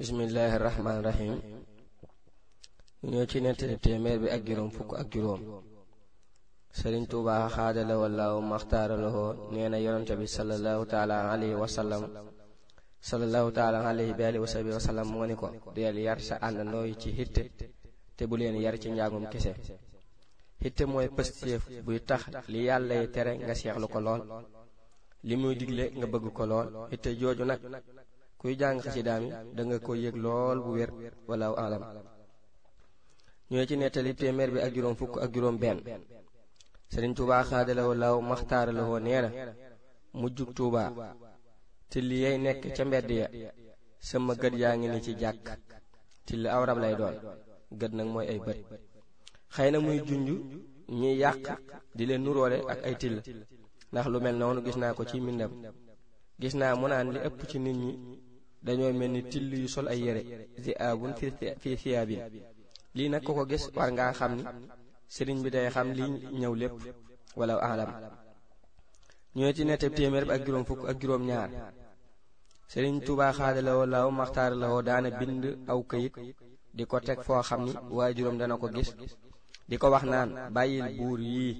bismillaahi rahmaani rahim ñoo ci nettali téeméer bi ak juróom fukk ak juróom sëriñ tuubaa xaadala wallaahu maxtaara lahoo nee na bi salallaahu taala alayhi wa sallam ni ko deel yar sa àndandoo yi ci hitte te bu leen yar ci njàngum kese hitte mooy pëstéef buy tax li yàlla tere nga seexlu ko lool li muy digle nga bëgg ko lool hitte jooju nag kuy jàng xasidaam yi da nga ko yëg lool bu wér walaaw alam ñooy ci nettali téeméer bi ak juróom fukk ak juróom benn sëriñ tuubaa xaadalawoo law maxtaaralawoo nee na mujjug tuuba till yay nekk ca mbedd ya sama gët yaa ngi ni ci jàkk till aw rab lay doon gët nag mooy ay bët xëy na muy junj ñiy yàq di leen nuroole ak ay till ndax lu mel noonu gis naa ko ci mbindam gis naa mu naan li ëpp ci nit ñi dañoo mel ni till yu sol ay yére zi aabun fi siyaabin lii nag ko ko gis war ngaa xam ni sëriñ bi day xam li ñëw lépp wala alam ñoo ci netteb téeméer bi ak juróom fukk ak juróom ñaar sëriñ Tuubaa xaadalawoo laaw daana bind aw këyit di ko teg foo xam ni waa juróom dana ko gis di ko wax naan bàyyil buur yii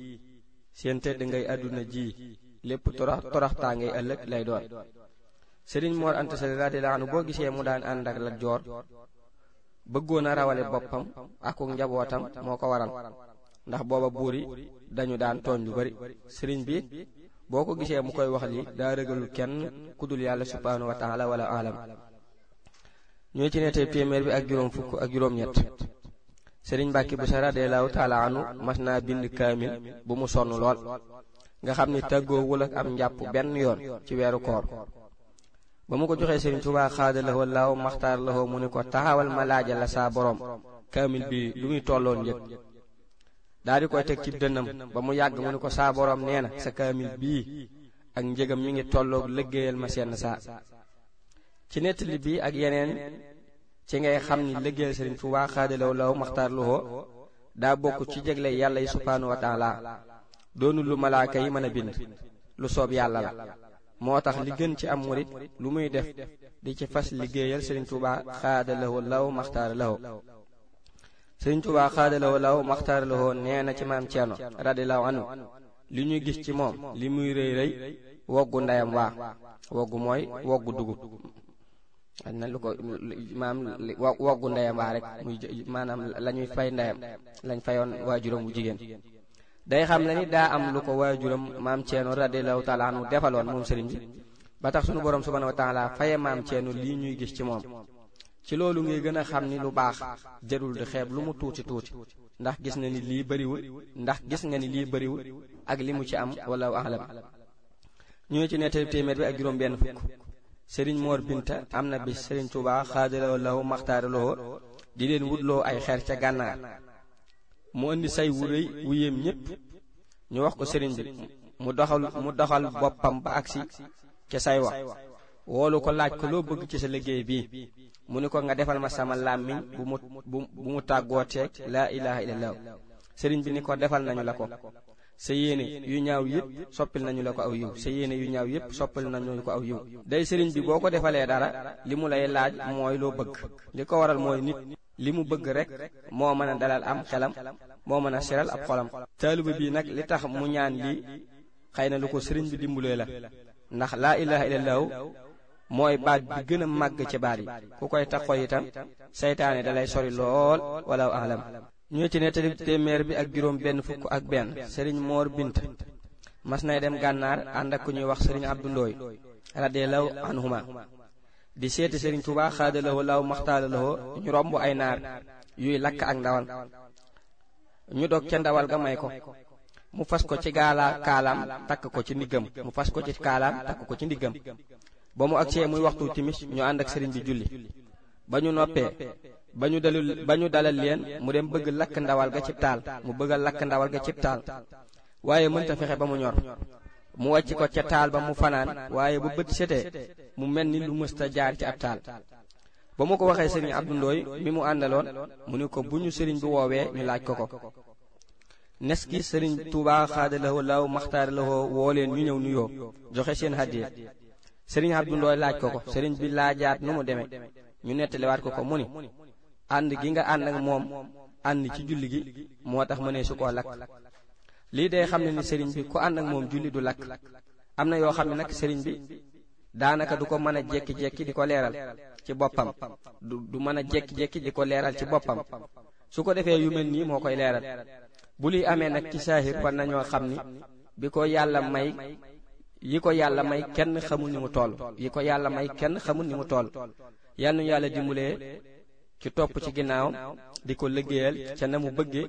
seen tëdd ngay àdduna ji lépp torox toroxtaa ngay ëllëg lay doon sëriñ Mor Anta Sali radiyallahu boo gisee mu daan ànd ak Lat Joor bëggoon a rawale boppam njabootam moo ko waral ndax booba buur yi dañu daan lu bari sëriñ bi boo ko gisee mu koy wax li daa rëgalul kenn ku dul yàlla subhaanahu wa taala wala alam ñoo ci nettee ak juróom fukk ak juróom ñett sëriñ Mbàkke sa radiyallahu taala mas naa bind kaamil bu mu sonn lool nga xam ni tàggoowul ak am njàpp benn yoon ci weeru koor ba mu ko joxee Serigne Touba xaadalawoo laaw maxtaar lawoo mu ni ko taxawal ma laajal la saa borom kaamil bi lu muy tolloon njëg daal di koy teg ci dënnam ba mu yàgg mu ni ko saa borom nee na sa kaamil bii ak njëgam mi ngi tolloog liggéeyal ma seen saa ci nettali bi ak yeneen ci ngay xam ni liggéeyal Serigne Touba xaadalawo law maxtaar lawoo daa bokk ci jegle yàlla yi subhaanahu wa taala doonul lu malaaka yi mën a bind lu soob yàlla la moo tax li gën ci am murit lu muy def di ci fas liggéeyal sëriñ Tuubaa xaadalawo law maxtaara lawo sëriñ Tuubaa xaadalawo law maxtaara lawo nee na ci maam Ceerno radiyallahu anhu li ñuy gis ci moom li muy rëy rëy woggu ndeyam waa woggu mooy woggu dugub na lu ko maam woggu ndeyam waa rek muy maanaam la ñuy fay ndeyam lañ fayoon waajuram bu jigéen day xam la ni daa am lu ko waajuram maam ceenu radiallahu taala mu defaloon moom sëriñ bi ba tax sunu borom subhanahu wa taala faye maam ceenu lii ñuy gis ci moom ci loolu ngay gën a xam ni lu baax jarul di xeeb lu mu tuuti tuuti ndax gis na ni lii bëriwul ndax gis nga ni lii bëriwul ak li mu ci am wala ahlam ñu ne ci nettali téeméer bi ak juróom benn fukk sëriñ moor binta am na bi sëriñ Tuubaa xaadaloo lahu maxtaaraloo di leen wutloo ay xeer ca gànnaar mu indi say wu rëy wu yéem ñépp ñu wax ko sëriñ bi mu doxal mu doxal boppam ba agsi ca say wax woolu ko laaj ko loo bëgg ci sa liggéey bi mu ni ko nga defal ma sama làmmiñ bu mu bu mu tàggoo tàggooteeg laa ilaha illallah sëriñ bi ni ko defal nañu la ko sa yéene yu ñaaw yépp soppil nañu la ko aw yiw sa yéene yu ñaaw yépp soppil nañu ko aw yiw day sëriñ bi boo ko defalee dara li mu lay laaj mooy loo bëgg li ko waral mooy nit li mu bëgg rek moo mën a dalal am xelam moo mën a seral ab xolam taaliba bii nag li tax mu ñaan li xëy na lu ko sëriñ bi dimbalee la ndax laa ilaha illallahu mooy baat bi gën màgg ci baat yi ku koy taxoo itam seytaane dalay sori lool wala alam ñu ci nettali téeméer bi ak juróom benn fukk ak benn sëriñ moor bint mas nay dem gànnaar ànd ak ku ñuy wax sëriñ abdu ndooy radiyallahu anhuma di seeti Serigne Touba xaadalawoo laaw maxtaalalawoo ñu romb ay naar yuy lakk ak ndawal ñu dog ca ndawal ga may ko mu fas ko ci gaala kaalaam takk ko ci ndiggam mu fas ko ci kaalaam takk ko ci ndiggam ba mu agsee muy waxtu timis ñu ànd ak sëriñ bi julli ba ñu noppee ba ñu dalul ba ñu dalal leen mu dem bëgg lakk ndawal ga cib taal mu bëgg lakk ndawal ga cib taal waaye mënta fexe ba mu ñor mu wàcc ko ca taal ba mu fanaan waaye bu bët setee mu mel ni lu mësta jaar ci ab taal ba mu ko waxee sëriñ Abdu Ndooy mi mu àndaloon mu ni ko bu ñu sëriñ bi woowee ñu laaj ko ko nes ki sëriñ Tuubaa xaadalawoo law maxtaaralawoo woo leen ñu ñëw nuyoo joxe seen hàddiya sëriñ Abdu Ndooy laaj ko ko sëriñ bi laajaat nu mu demee ñu nettaliwaat ko ko mu ni ànd gi nga ànd ak moom ànd ci julli gi moo tax mu ne su koo lakk lii day xam ne ni sëriñ bi ku ànd ak moom julli du lakk am na yoo xam ne nag sëriñ bi daanaka du ko mën a jékki jekki di ko leeral ci boppam du du mën a jekki-jekki di ko leeral ci boppam su ko defee yu mel nii moo koy leeral bu luy amee nag ci saahir war nañoo xam ni bi ko yàlla may yi ko yàlla may kenn xamul ni mu toll yi ko yàlla may kenn xamul ni mu toll yal na yàlla dimbulee ci topp ci ginnaaw di ko liggéeyal na mu bëgge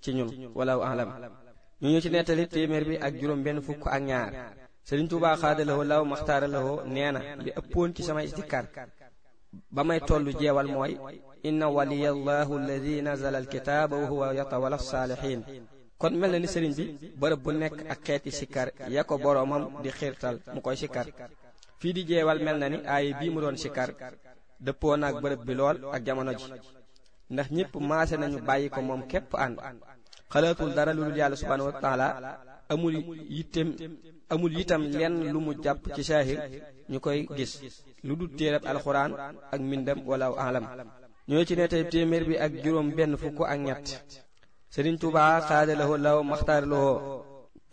ci ñun wala ñu ñu ci nettali téeméer bi ak juróom benn fukk ak ñaar Sëriñ Tuubaa xaadalawoo law maxtaara lawoo nee na li ëppoon ci samay istikkar ba may tollu jeewal mooy inna waliyallahu alladi nazala alkitaaba wa huwa yatawalla saalihiin kon mel na ni sëriñ bi bërëb bu nekk ak xeeti sikkar ya ko boroomam di xiirtal mu koy sikkar fii di jeewal mel na ni aaya bii mu doon sikkar dëppoo naag bërëb bi lool ak jamono ji ndax ñépp maase nañu bàyyi ko moom képp ànd xalaatul dara lu dul yàlla subhaanahu wa taala amul yittem amul yitam lenn lu mu jàpp ci saahir ñu koy gis lu dul téerab alxuraan ak mbindam wala alam ñoo ci ne tey téeméer bi ak juróom benn fukk ak ñett Sëriñ la xaadalahoo law maxtaarlahoo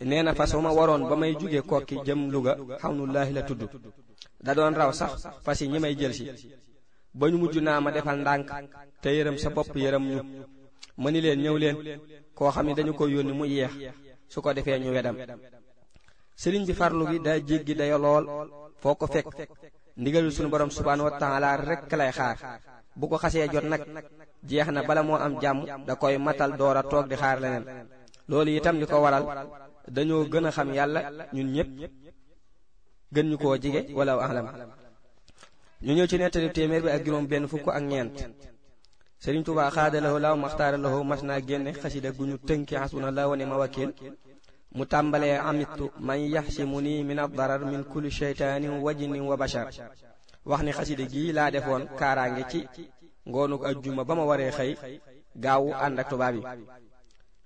nee na fas ma waroon ba may jóge kokki jëm Luga xawnullaahi la tudd da doon raw sax fas yi ñi may jël si ba ñu mujj naa ma defal ndànk te yërëm sa bopp yërëm ñu ma ni leen ñëw leen koo xam ne dañu ko yónni mu yeex su ko defee ñu wedam sëriñ bi farlu gi daa jéggi dayo lool foo ko fekk ndigalul sunu borom subhaanahu wa taala rekk lay xaar bu ko xasee jot nag jeex na bala moo am jàmm da koy matal door a toog di xaar leneen loolu itam li ko waral dañoo gën a xam yàlla ñun ñëpp gën ñu koo jige wala alam ñu ñëw ci nettali téeméer bi ak juróom benn fukk ak ñeent Sëriñ Tuubaa xaadalawoo laaw maxtaaralawoo mas naa génne xasida gu ñu tënki xasbuna laa wa nima wakiil mu tàmbalee amitu man yaxsimu nii min ad-darar min kulli sheytaanin wa jinnin wa bashar wax ni xasida gii laa defoon kaaraange ci ngoonu ajjuma ba ma waree xëy gaawu ànd ak tubaab yi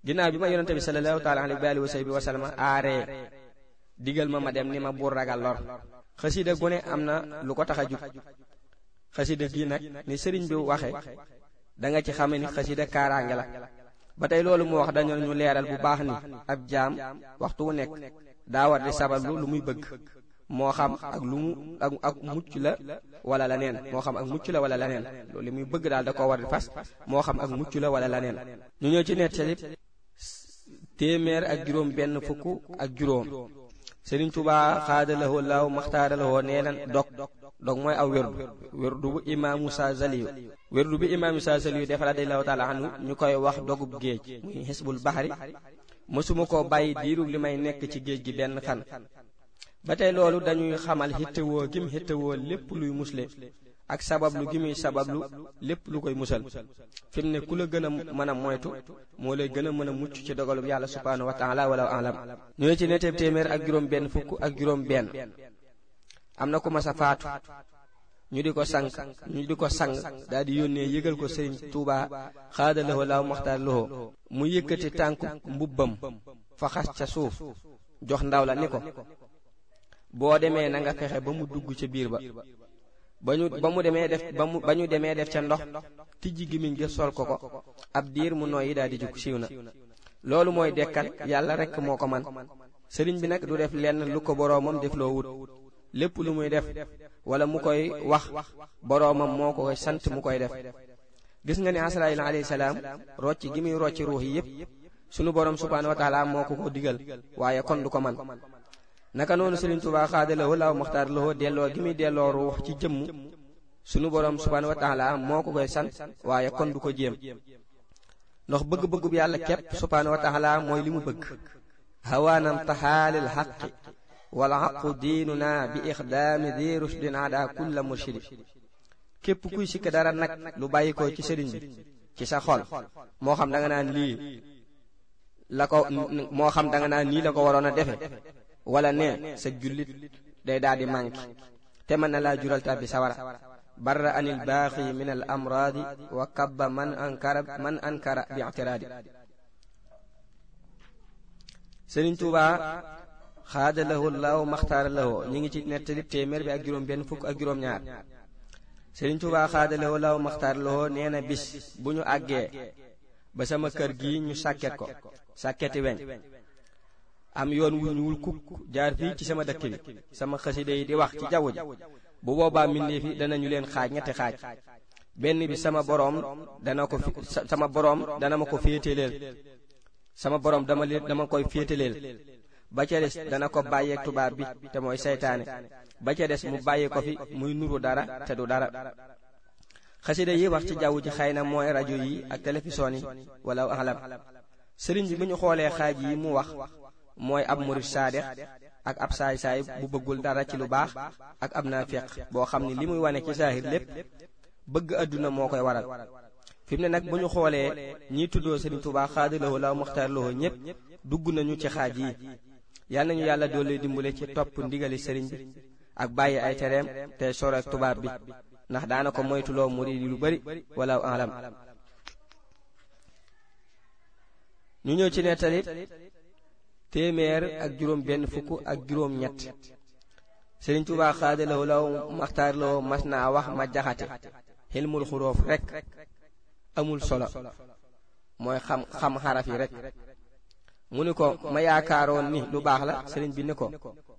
ginnaaw bi ma yonente bi sallallahu taala alayhi wa alihi wa sahbihi digal ma ma dem ni ma buur ragal lor xasida gu ne am na lu ko tax a jug xasida gii nag ni sëriñ bi waxe da nga ci xame ni xasida kaaraange la ba tey loolu mu wax dañoo ñu leeral bu baax ni ab jaam waxtu wu nekk daa war di sabablu lu muy bëgg moo xam ak lu mu ak ak mucc la wala la neen moo xam ak mucc la wala la loolu li muy bëgg daal da ko war di fas moo xam ak mucc la wala la neen ñu ñëw ci nettali téeméer ak juróom benn fukk ak juróom Sëriñ Tuubaa xaadalawoo laaw maxtaaralawoo nee na dog donc mooy aw wérdu wérdu bu imaamu Saasaliyu wérdu bi imaamu Saasaliyu def radiyallahu taala anhu ñu koy wax dogub géej muy xisbul baxari mësuma koo bàyyi diiru li may nekk ci géej gi benn fan ba tey loolu dañuy xamal xittewoo gim xittewoo lépp luy musle ak sabablu gi muy sabablu lépp lu koy musal fi mu ne ku la gën a mën a moytu moo lay gën a mën a mucc ci dogalub yàlla subhaanahu wa taala wala alam ñu ne ci neteeb téeméer ak juróom benn fukk ak juróom benn am na ku mas a faatu ñu di ko sang ñu di ko sang daal di yónnee yëgal ko sëriñ Tuuba xaada lahu laaw maxtaar lahu mu yëkkati tànku mbubbam fa xas ca suuf jox ndaw la ni ko boo demee na nga fexe ba mu dugg ca biir ba ba ñu ba mu demee def ba mu demee def ca ndox tijji gimiñ ga sol ko ko ab diir mu nooyi daal di jug siiw na loolu mooy dekkat yàlla rekk moo ko man sëriñ bi nag du def lenn lu ko boroomam def loo wut lépp lu muy def wala mu koy wax boroomam moo ko sant mu koy def gis nga ne asraayil alayhi salaam rocci gi muy rocci ruux yi yépp sunu boroom subhaanahu wa taala moo ko ko digal waaye kon du ko man naka noonu Sëriñ Tuubaa xaadalawoo laaw maxtaar lawoo delloo gi muy delloo ruux ci jëmm sunu boroom subhaanahu wa taala moo ko koy sant waaye kon du ko jéem ndox bëgg-bëggub yàlla képp subhaanahu wa taala mooy li mu bëgg hawaanam taxaalil xaqi wal aqu diinuna bi ixdaami di rushdin ada kulla murshidi képp kuy sikk dara nag lu bàyyi koo ci sëriñ bi ci sa xol moo xam danga nga naan lii la ko moo xam da naan nii la ko waroon a defe wala ne sa jullit day daal di manqué te man na laa jural tàbbi sawara barra anil baaxi min al amraadi wa kabba man ankara man ankara bi i'tiraadi Sëriñ Tuubaa xaada law laaw maxtaara lahu ñi ngi ci nettali téeméer bi ak juróom benn fukk ak juróom ñaar Sëriñ Tuubaa xaada lahu laaw maxtaara lahu nee na bis bu ñu àggee ba sama kër gi ñu sàkket ko sàkketi weñ am yoon wu ñuul kukk jaar fii ci sama dëkk bi sama xasida yi di wax ci jaww ji bu boobaa mbindeef yi ñu leen xaaj ñetti xaaj benn bi sama boroom dana ko sama boroom dana ma ko féeteleel sama boroom dama leen dama koy féeteleel ba ca des dana ko bàyyeek tubaab bi te mooy seytaane ba ca des mu bàyyi ko fi muy nuru dara te du dara xasida yi wax ci jaww ji xëy na mooy rajo yi ak télévision yi wala alam sëriñ bi bu ñu xoolee xaaj yi mu wax mooy ab murid saadex ak ab saay-saay bu bëggul dara ci lu baax ak ab naafiq boo xam ni li muy wane ci saahir lépp bëgg àdduna moo koy waral fi mu ne nag bu ñu xoolee ñiy tuddoo sëriñ Tuubaa xaadalawoo la muxtaar lawoo ñëpp dugg nañu ci xaaj yi yàlla nañu yàlla dolli dimbale ci topp ndigali sëriñ bi ak bàyyi ay tereem te sor ak tubaab bi ndax daana ko moytuloo mu yi lu bari wala alam ñu ñëw ci nettali téeméer ak juróom benn fukk ak juróom ñett sëriñ Tuubaa xaadalaw law mas na wax ma jaxate xilmul xuróof rek amul solo mooy xam xam xaraf yi rek mu ni ko ma yaakaaroon ni lu baax la sëriñ bi ni ko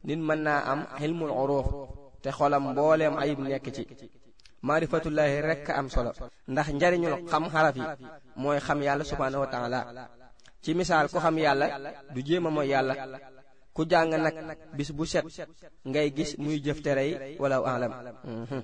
nit mën naa am xilmul uruuf te xolam mbooleem ayib nekk ci maarifatullaahi rekk am solo ndax njariñul xam xaraf yi mooy xam yàlla subhaanahu wa taala ci misaal ku xam yàlla du jéem mooy yàlla ku jàng nag bis bu set ngay gis muy jëf tere yi wala alam mhm.